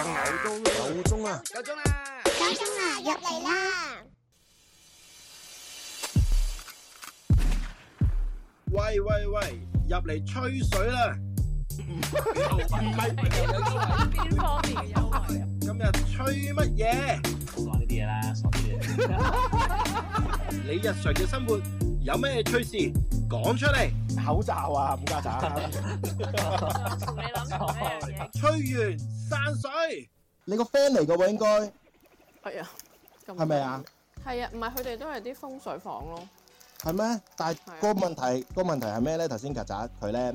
夠鐘啊！夠鐘啊！夠鐘啊！入嚟啦！喂喂喂！入嚟吹水啦！唔係邊方面嘅優惠啊？今日吹乜嘢？講呢啲嘢啦，傻啲嚟！你日常嘅生活。有咩趣事？講出嚟？口罩啊，曱甴，你諗嘢吹完散水。你個 friend 嚟噶喎，應該係、哎、啊，係咪啊？係啊，唔係佢哋都係啲風水房咯。係咩？但係個問題、啊、個問題係咩咧？頭先曱甴佢咧，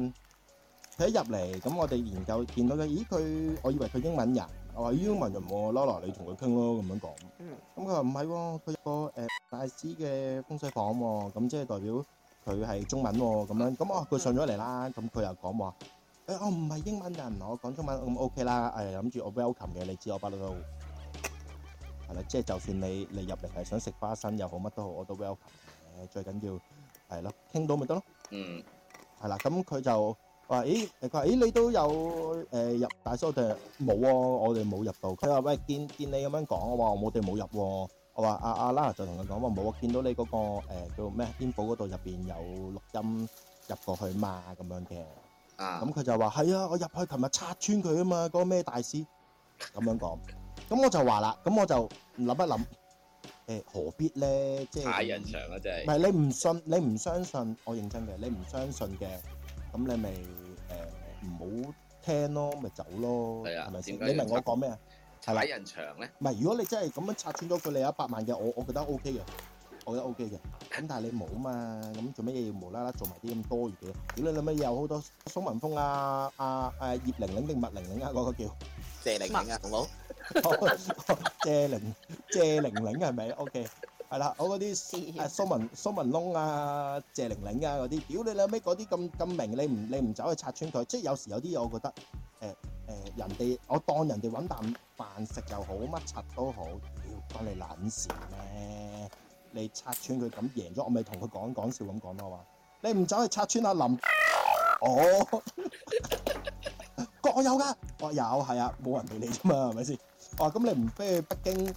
佢一入嚟咁，我哋研究見到佢，咦？佢我以為佢英文人。我話英文喎，Lola，你同佢傾咯，咁樣講。嗯。咁佢話唔係喎，佢有個誒大使嘅風水房喎，咁即係代表佢係中文喎，咁樣。咁啊，佢上咗嚟啦。咁佢又講話，誒，我唔係英文㗎，我講中文，咁 OK 啦。誒諗住我 welcome 嘅，你知我不嬲。係啦，即係就算你你入嚟係想食花生又好乜都好，我都 welcome 嘅。最緊要係咯，傾到咪得咯。嗯。係啦，咁佢就。話咦誒佢誒你都有誒、呃、入大修定係冇喎？我哋冇入到。佢話喂見見你咁樣講，我話我哋冇入。我話、啊、阿阿啦就同佢講話冇，見到你嗰、那個誒、呃、叫咩天保嗰度入邊有錄音入過去嘛咁樣嘅。啊，咁佢就話係啊，我入去琴日拆穿佢啊嘛，嗰、那個咩大師咁樣講。咁我就話啦，咁我就諗一諗，誒、呃、何必咧？即係太印象啦，真係。唔係你唔信，你唔相信我認真嘅，你唔相信嘅。咁你咪誒唔好聽咯，咪走咯，係咪先？係，係你明我講咩啊？睇人場咧，唔係，如果你真係咁樣拆穿咗佢，你有一百萬嘅，我我覺得 O K 嘅，我覺得 O K 嘅。咁、OK、但係你冇啊嘛，咁做咩嘢要無啦啦做埋啲咁多餘嘅？點解你咪有好多蘇民峰啊啊誒、啊、葉玲玲定麥玲玲啊，嗰、嗰個叫？謝玲玲啊好冇？謝玲謝玲玲係咪？O K。Okay. 係啦，我嗰啲蘇文蘇文龍啊、謝玲玲啊嗰啲，屌你兩尾嗰啲咁咁明，你唔你唔走去拆穿佢，即係有時有啲嘢我覺得，誒、呃、誒人哋我當人哋揾啖飯食又好，乜柒都好，屌關你撚事咩？你拆穿佢咁贏咗，我咪同佢講講笑咁講咯好嘛。你唔走去拆穿阿林，哦， 我有噶、嗯啊，我有係啊，冇人俾你啫嘛，係咪先？哦，咁你唔飛去北京？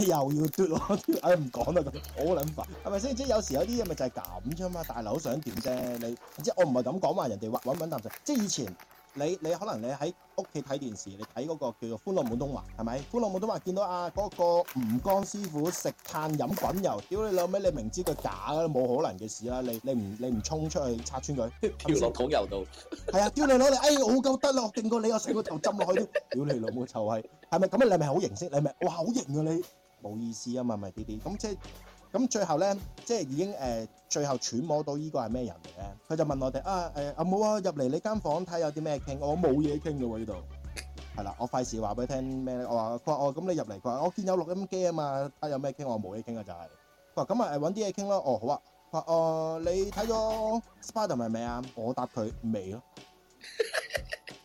又、哎、要嘟咯，哎唔講啦咁，我諗法係咪先？即係有時有啲嘢咪就係咁啫嘛，大佬想點啫？你即係我唔係咁講話，人哋話揾揾啖食。即係以前你你可能你喺屋企睇電視，你睇嗰個叫做《歡樂滿東華》是是，係咪《歡樂滿東華》見到啊嗰、嗰個吳江師傅食炭飲滾油，屌你老味，你明知佢假嘅，冇可能嘅事啦！你你唔你唔衝出去拆穿佢，跳落桶油度。係啊、嗯，屌你老！你哎我夠得啦，勁過你，我成個頭浸落去。都，屌你老母臭閪！係咪咁啊？你咪好型先，你咪哇好型啊！你冇意思啊嘛，咪啲啲咁即係咁最後呢，即係已經、呃、最後揣摩到呢個係咩人嘅？佢就問我哋啊誒，阿、欸、母啊入嚟、啊、你間房睇有啲咩傾，我冇嘢傾嘅喎呢度係啦，我費事話俾佢聽咩咧？我話佢話哦咁你入嚟，佢話我見有錄音機啊嘛，啊有咩傾？我冇嘢傾嘅就係佢話咁啊誒，搵啲嘢傾咯。哦好啊，佢話誒你睇咗 Spider 咪咪啊？我答佢未咯，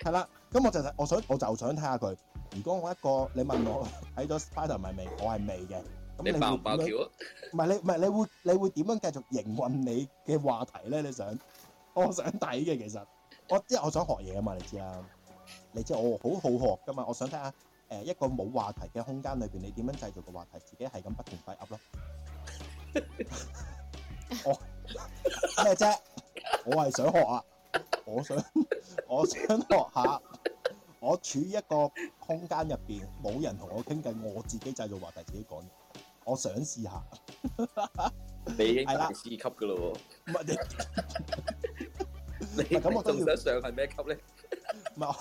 係啦。 咁、嗯、我，我，我就想我就想睇下佢。如果我一個，你問我睇咗 Spider 咪未？我係未嘅。咁你爆唔爆橋？唔係你，唔係你會，你會點樣繼續營運你嘅話題咧？你想，我想睇嘅其實，我即係我想學嘢啊嘛！你知啦，你知我好好學噶嘛！我想睇下誒一個冇話題嘅空間裏邊，你點樣製造個話題，自己係咁不斷閉噏咯。我咩啫？我係想學啊！我想，我想學下。我處於一個空間入面，冇人同我傾偈，我自己製造話題，自己講。我想試下， 你係二級嘅咯喎。唔係你，你咁我仲得想上係咩級呢？ 我，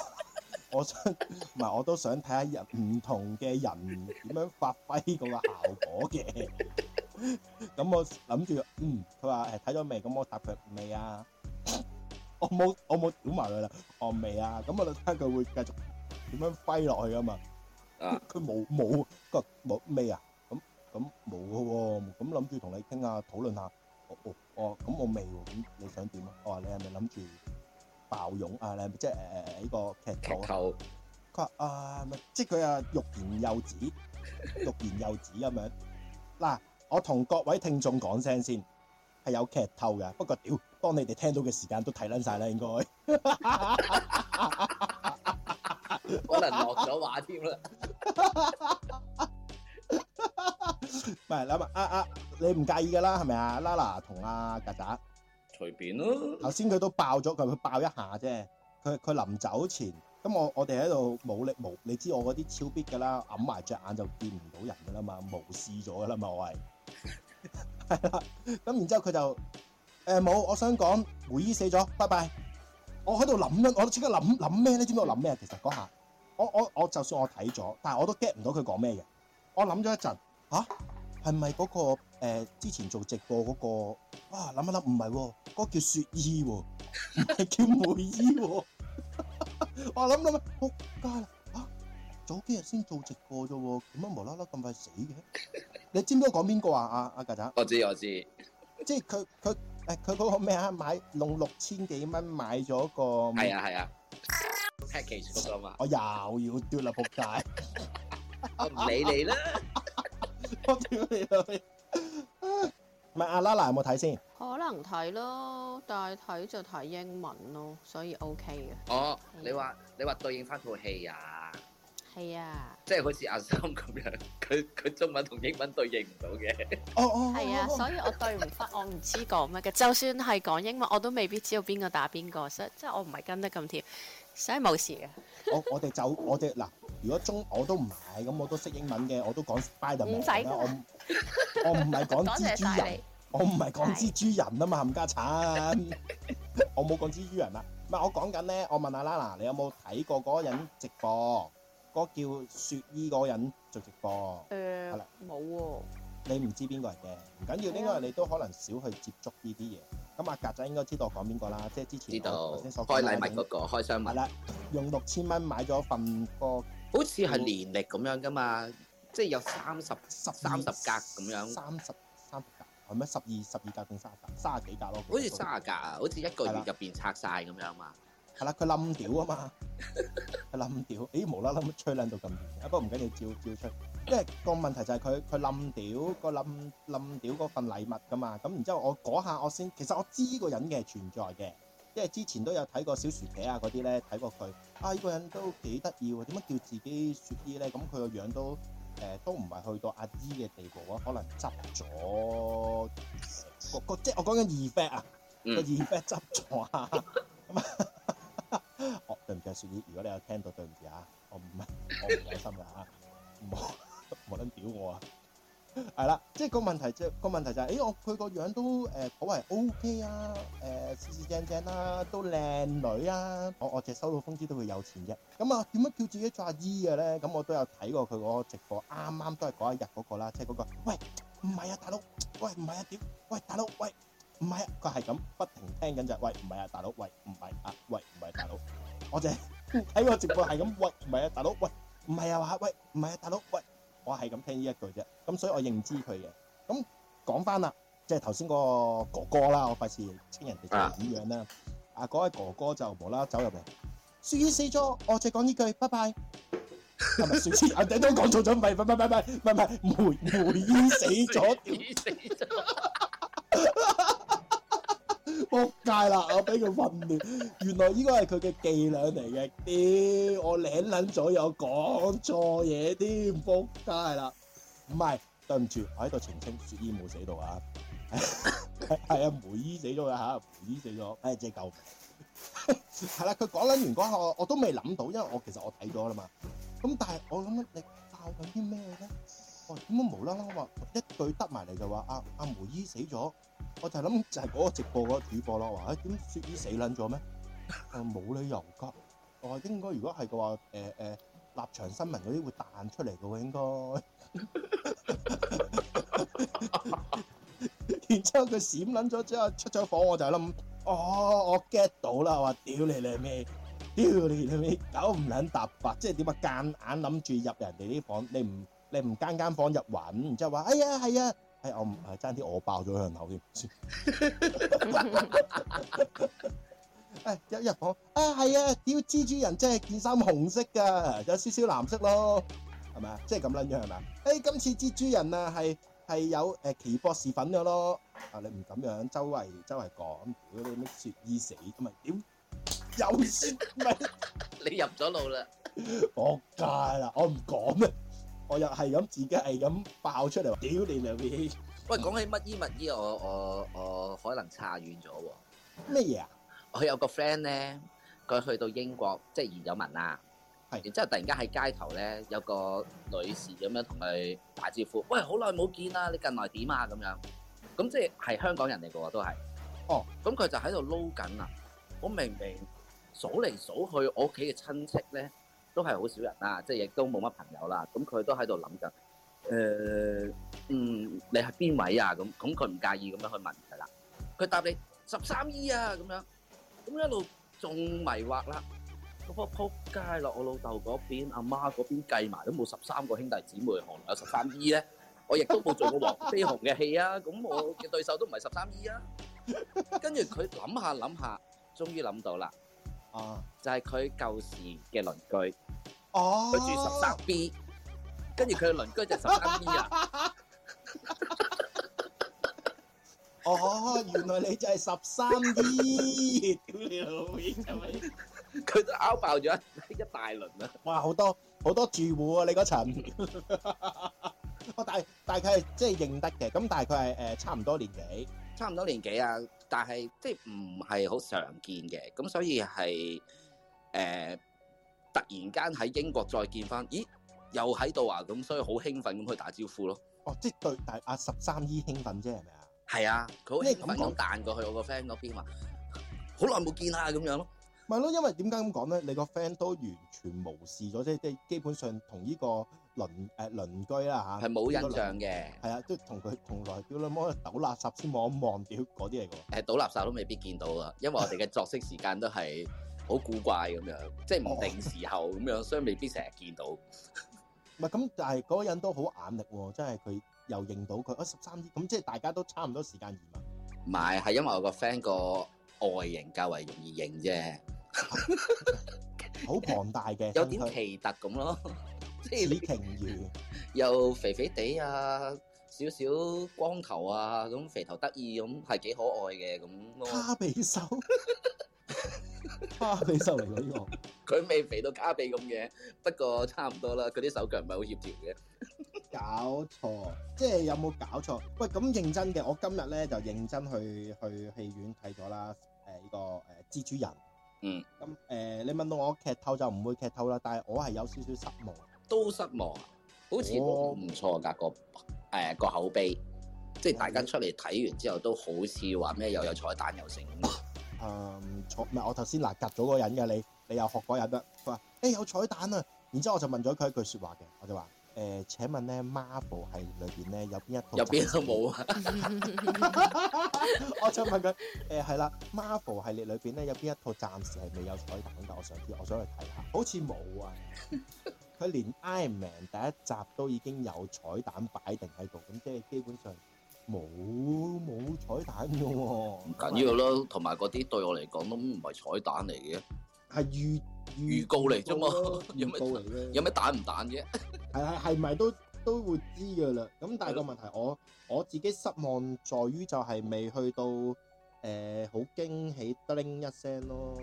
我想唔係我都想睇下人唔同嘅人點樣發揮嗰個效果嘅。咁我諗住，嗯，佢話誒睇咗未？咁我答佢未啊。我冇我冇屌埋佢啦，我未啊，咁我就睇下佢會繼續點樣揮落去啊嘛，佢冇冇佢冇未啊，咁咁冇嘅喎，咁諗住同你傾下討論下，哦哦，咁我未喎，咁你想點啊？我話你係咪諗住爆勇啊？你係咪即係誒誒呢個劇透？佢話啊，咪，即係佢啊，欲言又止，欲言又止咁樣。嗱，我同各位聽眾講聲先。係有劇透嘅，不過屌、呃，當你哋聽到嘅時間都睇撚晒啦，應該，可能落咗畫添啦。唔係諗下阿阿你唔介意嘅啦，係咪啊？Lala 同阿曱甴，隨便咯。頭先佢都爆咗佢，佢爆一下啫。佢佢臨走前，咁我我哋喺度冇力無，你知我嗰啲超必嘅啦，揞埋隻眼就見唔到人嘅啦嘛，無視咗嘅啦嘛，我係。 係啦，咁 然之後佢就誒冇、呃，我想講梅姨死咗，拜拜。我喺度諗咧，我都即刻諗諗咩咧？知唔知我諗咩啊？其實嗰下，我我我就算我睇咗，但係我都 get 唔到佢講咩嘅。我諗咗一陣，吓？係咪嗰個誒、呃、之前做直播嗰、那個啊？諗一諗，唔係、啊，嗰、嗰個叫雪姨、啊，唔係叫梅姨、啊。我諗諗，扑街啦！吓、啊，早幾日先做直播咋？點解無啦啦咁快死嘅？你知唔知講邊個啊？阿曱甴，我知我知，即係佢佢誒，佢嗰個咩啊？買用六千幾蚊買咗個係啊係啊 package 噶嘛，我又要丟啦仆街，我唔理你啦，我屌你啊！咪阿拉拉有冇睇先？可能睇咯，但係睇就睇英文咯，所以 OK 嘅。哦，你話你話對應翻套戲啊？係啊，嗯、即係好似阿三咁樣，佢佢中文同英文對應唔到嘅，哦哦、oh, oh, oh, oh, oh.，係啊，所、yeah, 以 so 我對唔翻，我唔知講乜嘅。就算係講英文，我都未必知道邊個打邊個，所以即係我唔係跟得咁貼，所以冇事嘅 我我哋就我哋嗱，如果中我都唔係咁，我都識英文嘅，我都講 Spiderman 我唔係講蜘蛛人， 我唔係講蜘蛛人啊嘛，冚家鏟， 我冇講蜘蛛人啊。唔係我講緊咧，我問阿 Lana，你有冇睇過嗰個人直播？ 個叫雪衣嗰人做直,直播，係啦、嗯，冇喎的。哦、你唔知邊個嚟嘅，唔緊要，呢個你都可能少去接觸呢啲嘢。咁阿格仔應該知道我講邊個啦，即係之前知道，開禮物嗰個開箱文。係啦，用六千蚊買咗份個，好似係年曆咁樣㗎嘛，即係有三十十三十格咁樣。三十三十格係咩？十二十二格定三十格？三十幾格咯？格好似三十格，啊，好似一個月入邊吧拆晒咁樣嘛。係啦，佢冧屌啊嘛，佢冧屌，咦，無啦啦吹冷到咁遠啊？不過唔緊要，照照出，因為個問題就係佢佢冧屌個冧冧屌份禮物噶嘛，咁然之後我嗰下我先，其實我知依個人嘅存在嘅，因為之前都有睇過小薯茄啊嗰啲咧，睇過佢啊，呢個人都幾得意喎，點解叫自己雪姨咧？咁佢個樣都誒都唔係去到阿姨嘅地步啊，可能執咗個，即係我講緊二百啊，個二百執咗啊。對唔住啊雪姨，如果你有聽到對唔住啊，我唔係，我唔有心㗎吓，唔好，冇論屌我啊，係啦，即係個問題就個問題就係，誒我佢個樣都誒，可謂 O K 啊，誒，四正正啦，都靚女啊，我我隻收到風知都會有錢啫，咁啊，點樣叫自己做阿姨嘅咧？咁我都有睇過佢嗰個直播，啱啱都係嗰一日嗰個啦，即係嗰個，喂，唔係啊，大佬，喂，唔係啊，屌，喂，大佬，喂，唔係啊，佢係咁不停聽緊就係，喂，唔係啊，大佬，喂，唔係啊，喂，唔係大佬。我就喺我直播係咁，喂，唔、哎、係啊，大佬、哎啊、喂，唔係啊，話喂，唔係啊，大佬，喂、哎，我係咁聽呢一句啫，咁所以我認知佢嘅。咁講翻啦，即係頭先個哥哥啦，我費事清人哋點樣啦。啊，嗰位、啊、哥哥就無啦啦走入嚟，雪姨死咗，我再講呢句，拜拜。唔係雪姨，人哋都講錯咗，唔係唔係唔係唔係唔係梅梅姨死咗。 仆街啦！我俾佢混亂，原來應該係佢嘅伎倆嚟嘅。屌我舐捻咗又講錯嘢添，仆街啦！唔係，對唔住，我喺度澄清，雪姨冇死到啊！係啊，梅姨死咗嘅吓，梅姨死咗。誒，隻狗係啦，佢講捻完嗰下，我我都未諗到，因為我其實我睇咗啦嘛。咁但係我諗，你帶緊啲咩咧？哦，點解無啦啦話一句得埋嚟就話阿阿梅姨死咗？我就諗就係嗰個直播嗰個主播咯，話誒、欸、點雪兒死捻咗咩？我冇理由噶，我應該如果係嘅話，誒、呃、誒、呃、立場新聞嗰啲會彈出嚟嘅喎，應該。 然之後佢閃捻咗之後出咗房，我就諗、哦，我我 get 到啦，我話屌你你咩？屌你你咩？搞唔捻答白，即係點啊？間硬諗住入人哋啲房，你唔你唔間間房入穩，然之後話哎呀係呀。」哎，我唔係爭啲，我爆咗佢後添。 哎，一入，入房，啊，係啊，屌蜘蛛人即係件衫紅色㗎，有少少藍色咯，係咪啊？即係咁撚樣係咪啊？哎，今次蜘蛛人啊，係係有誒奇博士粉㗎咯。啊，你唔咁樣，周圍周圍講，屌你咩雪已死，唔咪點？有樹，咪 是你入咗腦啦！我介啦，我唔講咩。我又係咁，自己係咁爆出嚟話，屌你兩邊！喂，講起乜嘢物嘢，我我我可能差遠咗喎。咩嘢啊？我有個 friend 咧，佢去到英國，即係義大利啊。係。然之後突然間喺街頭咧，有個女士咁樣同佢打招呼，喂，好耐冇見啦，你近來點啊？咁樣，咁即係係香港人嚟嘅喎，都係。哦，咁佢就喺度撈緊啦！我明明數嚟數去，我屋企嘅親戚咧。都係好少人啦，即係亦都冇乜朋友啦。咁、嗯、佢都喺度諗緊，誒、呃、嗯，你係邊位啊？咁咁佢唔介意咁樣去問佢啦。佢答你十三姨啊咁樣，咁一路仲迷惑啦。我撲街落我老豆嗰邊，阿媽嗰邊計埋都冇十三個兄弟姊妹，何來有十三姨咧？我亦都冇做過黃飛鴻嘅戲啊！咁我嘅對手都唔係十三姨啊。跟住佢諗下諗下，終於諗到啦。哦，就係佢舊時嘅鄰居，哦，佢住十三 B，跟住佢嘅鄰居就十三 B 啊。 哦，原來你就係十三 B，屌你老味，係咪？佢都拗爆咗一大輪啊！哇，好多好多住戶啊，你嗰層。 我大大概係即係認得嘅，咁但係佢係誒差唔多年紀，差唔多年紀啊。但係即係唔係好常見嘅，咁所以係誒、呃、突然間喺英國再見翻，咦又喺度啊咁，所以好興奮咁去打招呼咯。哦，即係對大阿十三姨興奮啫，係咪啊？係啊，佢好興奮咁彈過去我個 friend 嗰邊話：好耐冇見啊咁樣咯。咪咯，因為點解咁講咧？你個 friend 都完全無視咗啫，即係基本上同呢個鄰誒鄰居啦嚇，係冇印象嘅。係啊，即係同佢同來屌你媽，倒垃圾先望一望屌嗰啲嘢嘅。誒，倒垃圾都未必見到啊，因為我哋嘅作息時間都係好古怪咁樣，即係唔定時候咁樣，所以未必成日見到。唔係咁，但係嗰個人都好眼力喎，即係佢又認到佢啊十三點，咁即係大家都差唔多時間移民。唔係，係因為我個 friend 個外形較為容易認啫。好龐 大嘅， 有啲奇特咁咯。 即係呢條魚又肥肥地啊，少少光頭啊，咁肥頭得意咁，係幾可愛嘅咁。卡比鼻獸，卡 比獸嚟嘅呢個，佢未 肥到卡比咁嘅，不過差唔多啦。佢啲手腳唔係好協調嘅。 搞錯，即係有冇搞錯？喂，咁認真嘅，我今日咧就認真去去戲院睇咗啦。誒，呢個誒，蜘蛛人。嗯，咁誒、呃，你問到我劇透就唔會劇透啦，但係我係有少少失望，都失望，好似唔錯㗎個誒、呃、個口碑，即係大家出嚟睇完之後都好似話咩又有彩蛋又成咁，誒唔錯，唔係我頭先嗱夾咗個人㗎你，你又學嗰日啦，佢話誒有彩蛋啊，然之後我就問咗佢一句說話嘅，我就話。誒，請問咧，Marvel 系列裏邊咧有邊一套？有邊套冇啊！我想問佢，誒係啦，Marvel 系列裏邊咧有邊一套暫時係未有彩蛋噶？我想知，我想去睇下。好似冇啊！佢連 Iron Man 第一集都已經有彩蛋擺定喺度，咁即係基本上冇冇彩蛋嘅喎。唔緊要咯，同埋嗰啲對我嚟講都唔係彩蛋嚟嘅。係預預告嚟啫嘛，預告嚟啫，有咩蛋唔蛋啫？係係係咪都都會知噶啦？咁但係個問題，我我自己失望在於就係未去到誒好驚喜得叮一聲咯。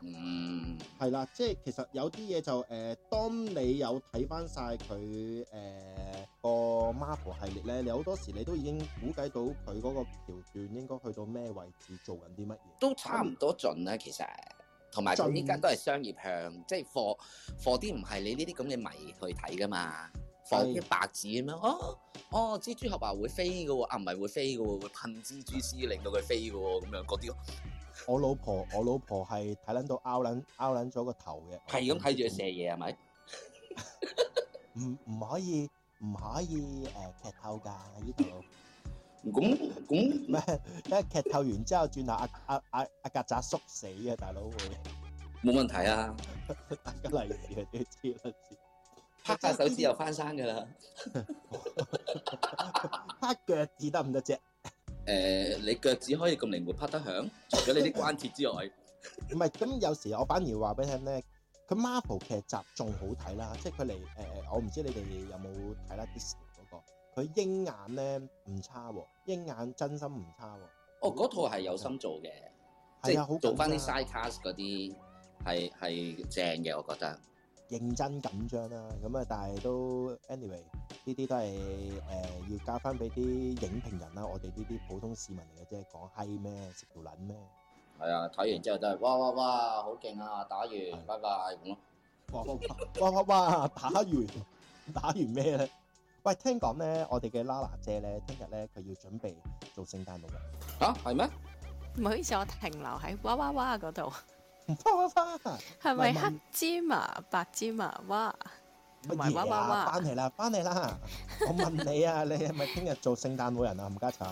嗯，係啦，即係其實有啲嘢就誒，當你有睇翻晒佢誒個 Marvel 系列咧，你好多時你都已經估計到佢嗰個橋段應該去到咩位置做緊啲乜嘢，都差唔多盡啦，其實。同埋佢呢間都係商業向，即係放放啲唔係你呢啲咁嘅迷去睇噶嘛，放啲是白紙咁樣，哦哦，蜘蛛俠啊會飛嘅喎，啊唔係會飛嘅喎，會噴蜘蛛絲令到佢飛嘅喎，咁樣嗰啲咯。我老婆 我老婆係睇撚到拗撚拗撚咗個頭嘅，係咁睇住佢射嘢係咪？唔唔可以唔可以誒、呃、劇透㗎呢度。 咁咁咩？一 劇透完之後，轉頭阿阿阿阿曱甴縮死啊！啊啊死大佬，冇問題啊！大家嚟，啊，啊拍下手指又翻生噶啦！ 拍腳趾得唔得啫？誒、呃，你腳趾可以咁靈活拍得響？除咗你啲關節之外，唔係咁有時我反而話俾你聽咧，佢 Marvel 劇集仲好睇啦，即係佢嚟誒我唔知你哋有冇睇啦。佢鷹眼咧唔差喎、啊，鷹眼真心唔差喎、啊。哦，嗰套係有心做嘅，啊的，好是做翻啲 side cast 嗰啲，係係正嘅，我覺得。認真緊張啦，咁啊，但係都 anyway 呢啲都係誒、呃、要交翻俾啲影評人啦、啊，我哋呢啲普通市民嚟嘅即啫，講閪咩？識條撚咩？係啊，睇完之後都係哇哇哇，好勁啊！打完的拜拜咁咯。哇哇哇， 哇哇哇哇！打完打完咩咧？喂，聽講咧，我哋嘅拉拉姐咧，聽日咧佢要準備做聖誕老人啊？係咩？唔好意思，我停留喺哇哇哇嗰度。哇哇哇，係咪黑芝麻哇白芝麻哇？唔係哇哇哇，翻嚟啦，翻嚟啦。 我問你啊，你係咪聽日做聖誕老人啊？冚家鏟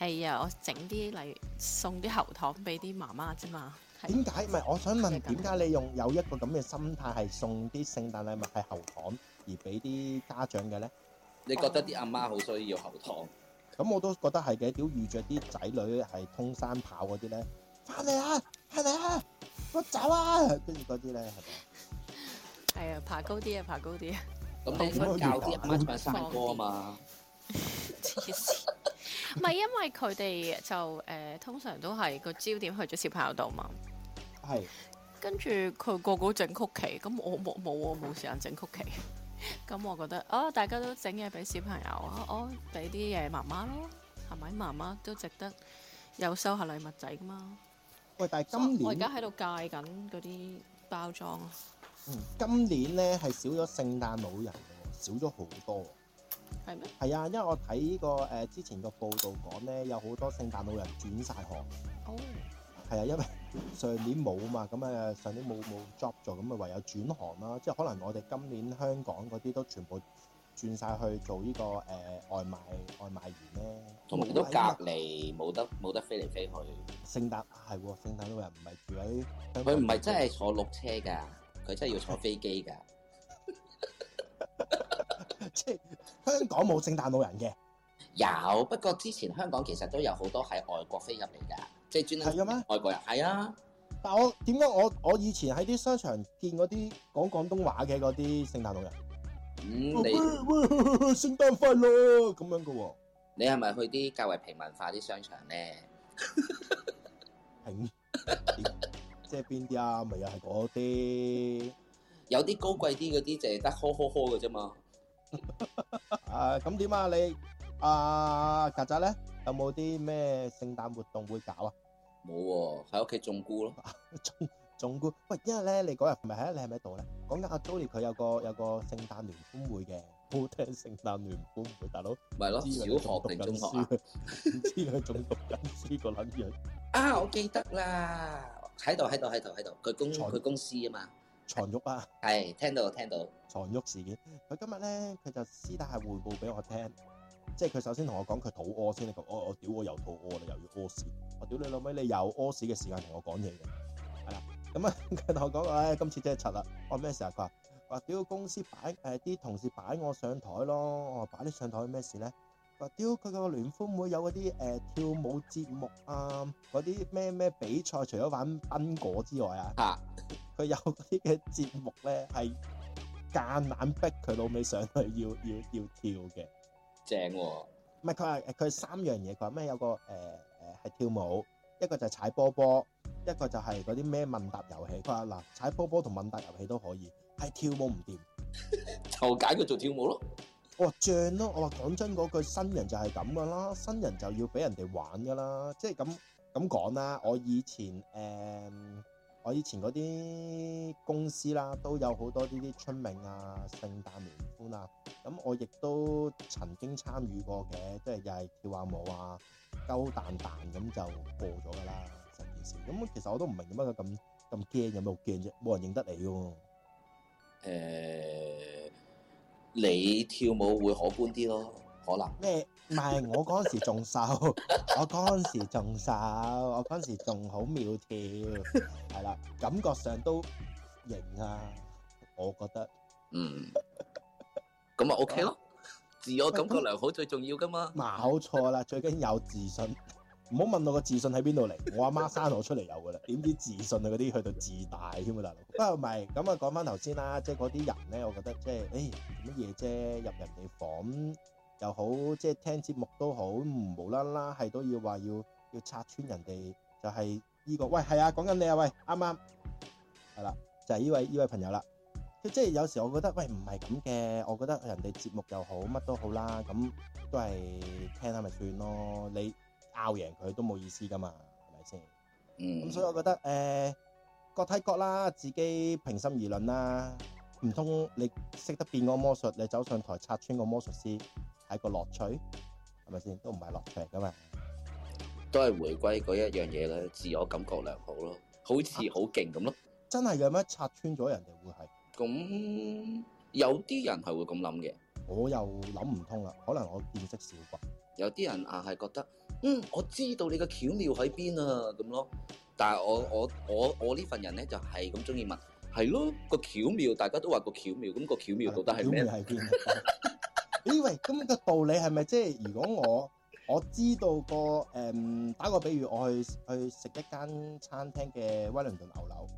係 啊，我整啲禮送啲喉糖俾啲媽媽啫嘛。點解唔係？我想問，點解你用有一個咁嘅心態，係送啲聖誕禮物係喉糖而俾啲家長嘅咧？你覺得啲阿媽好需要喉糖？咁、啊、我都覺得係嘅。屌遇着啲仔女係通山跑嗰啲咧，快嚟啊！快嚟啊！我走啊！跟住嗰啲咧係啊，爬高啲啊，爬高啲啊！咁好容易教啲阿媽生個啊嘛？黐線 病，唔係 因為佢哋就誒、呃、通常都係個焦點去咗小朋友度嘛？係是。跟住佢個個整曲奇，咁我冇冇我冇時間整曲，曲奇。咁、嗯、我覺得哦，大家都整嘢俾小朋友啊，我俾啲嘢媽媽咯，係咪？媽媽都值得有收下禮物仔噶嘛？喂，但係今年、啊、我而家喺度戒緊嗰啲包裝啊、嗯。今年咧係少咗聖誕老人，少咗好多。係咩？係啊，因為我睇個誒之前個報道講咧，有好多聖誕老人轉晒行。哦。Oh. 係啊，因為上年冇嘛，咁啊上年冇冇 job 做，咁啊唯有轉行啦。即係可能我哋今年香港嗰啲都全部轉晒去做呢個誒外賣外賣員咧，同埋都隔離冇得冇得飛嚟飛去。聖誕係喎，聖誕老人唔係住喺，佢唔係真係坐鹿車㗎，佢真係要坐飛機㗎。即係香港冇聖誕老人嘅，有不過之前香港其實都有好多係外國飛入嚟㗎。係噶咩？外國人係啊，但係我點解？我我以前喺啲商場見嗰啲講廣東話嘅嗰啲聖誕老人，咁你聖誕快樂咁樣嘅喎？你係咪去啲較為平民化啲商場咧？係即係邊啲啊？咪又係嗰啲有啲高貴啲嗰啲，淨係得呵呵呵嘅啫嘛。誒咁點啊？你啊曱甴咧，有冇啲咩聖誕活動會搞啊？冇喎，喺屋企種菇咯，種種菇。喂，因為咧，你嗰日係咪？你係咪喺度咧？講緊阿 Joy，佢有個有個聖誕聯歡會嘅，好聽聖誕聯歡會，大佬，咪咯，小學定中學？唔知佢仲讀緊書個捻樣？啊，我記得啦，喺度喺度喺度喺度，佢公佢公司啊嘛，藏玉啊，係聽到聽到藏玉事件。佢今日咧，佢就私底下匯報俾我聽。即係佢首先同我講佢肚屙先，佢、哦、屙我屌！我又肚屙你又要屙屎。我屌你老尾，你又屙屎嘅時間同我講嘢嘅，係啦。咁啊，佢同我講：哎，今次真係柒啦！我咩事啊？佢話：我屌公司擺誒啲、呃、同事擺我上台咯。我話：擺你上台咩事咧？佢話：屌佢個聯歡會有嗰啲誒跳舞節目啊，嗰啲咩咩比賽，除咗玩賓果之外啊，佢 有啲嘅節目咧係間硬逼佢老尾上去要要要，要跳嘅。正喎、哦，唔係佢話，佢三樣嘢，佢話咩有個誒誒係跳舞，一個就係踩波波，一個就係嗰啲咩問答遊戲。佢話嗱，踩波波同問答遊戲都可以，係跳舞唔掂， 就解佢做跳舞咯。我話正咯，我話講真嗰句，新人就係咁噶啦，新人就要俾人哋玩噶啦，即係咁咁講啦。我以前誒。呃我以前嗰啲公司啦，都有好多呢啲春茗啊、聖誕聯歡啊，咁、嗯、我亦都曾經參與過嘅，即係又係跳下舞啊、鳩彈彈咁就過咗㗎喇，成件事。咁、嗯、其實我都唔明點解佢咁咁驚，有咩驚啫？冇人認得你喎、啊呃。你跳舞會可觀啲咯。可能，咩？唔係，我嗰陣時仲瘦， 瘦，我嗰陣時仲瘦，我嗰陣時仲好苗條，係啦，感覺上都型啊！我覺得，嗯，咁啊 OK 咯， 自我感覺良好最重要噶嘛，冇錯啦，最緊有自信，唔 好問我個自信喺邊度嚟，我阿媽生我出嚟有噶啦，點知自信啊嗰啲去到自大添啊，大佬， 不過唔係咁啊，講翻頭先啦，即係嗰啲人咧，我覺得即係誒乜嘢啫，入、哎、人哋房。又好，即係聽節目都好，唔無啦啦係都要話要要拆穿人哋，這個啊，就係呢個喂，係啊，講緊你啊喂，啱啱係啦，就係呢位呢位朋友啦。即係有時我覺得喂，唔係咁嘅，我覺得人哋節目又好，乜都好啦，咁都係聽下咪算咯。你拗贏佢都冇意思噶嘛，係咪先？咁、嗯、所以我覺得誒、呃，各睇各啦，自己平心而論啦。唔通你識得變個魔術，你走上台拆穿個魔術師係個樂趣，係咪先？都唔係樂趣噶嘛，都係回歸嗰一樣嘢咧，自我感覺良好咯，好似好勁咁咯。真係有咩拆穿咗人哋會係？咁有啲人係會咁諗嘅，我又諗唔通啦。可能我見識少啩。有啲人硬係覺得，嗯，我知道你個巧妙喺邊啊，咁咯。但係我我我我呢份人咧就係咁中意問。係咯，個巧妙大家都話個巧妙，咁個巧妙到底係咩？巧妙係邊？咦喂， 咁個道理係咪即係如果我我知道個誒，打個比喻，我去去食一間餐廳嘅威倫頓牛柳，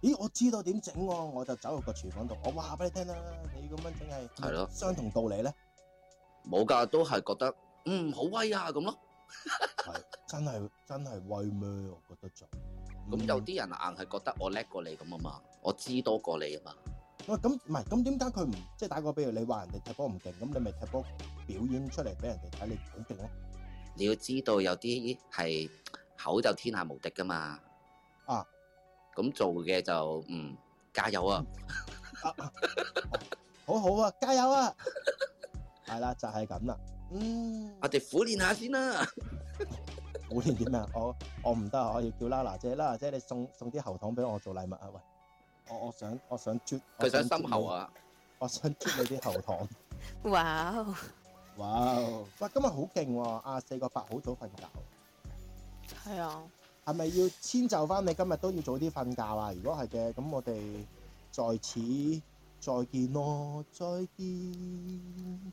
咦，我知道點整喎，我就走入個廚房度，我話俾你聽啦，你咁樣整係係咯，相同道理咧，冇噶，都係覺得嗯好威啊咁咯， 真係真係威咩？我覺得就。咁、嗯、有啲人硬係覺得我叻過你咁啊嘛，我知多過你啊嘛。喂、嗯，咁唔係，咁點解佢唔即係打個比喻，如你話人哋踢波唔勁，咁你咪踢波表演出嚟俾人哋睇你點勁咯？你要知道有啲係口就天下無敵噶嘛。啊，咁做嘅就嗯加油啊！好好啊，加油啊！係啦， 就係咁啦。嗯，我哋苦練下先啦。 冇呢啲咩，我我唔得啊！我要叫拉拉姐，拉拉姐你送送啲喉糖俾我做禮物啊！喂，我我想我想啜，佢想深喉啊！我想啜，啊、你啲喉糖。Wow. wow. 哇哦，哇哦，今日好勁喎！啊四個八好早瞓覺，係啊，係咪要遷就翻你？今日都要早啲瞓覺啊！如果係嘅，咁我哋在此再見咯，再見。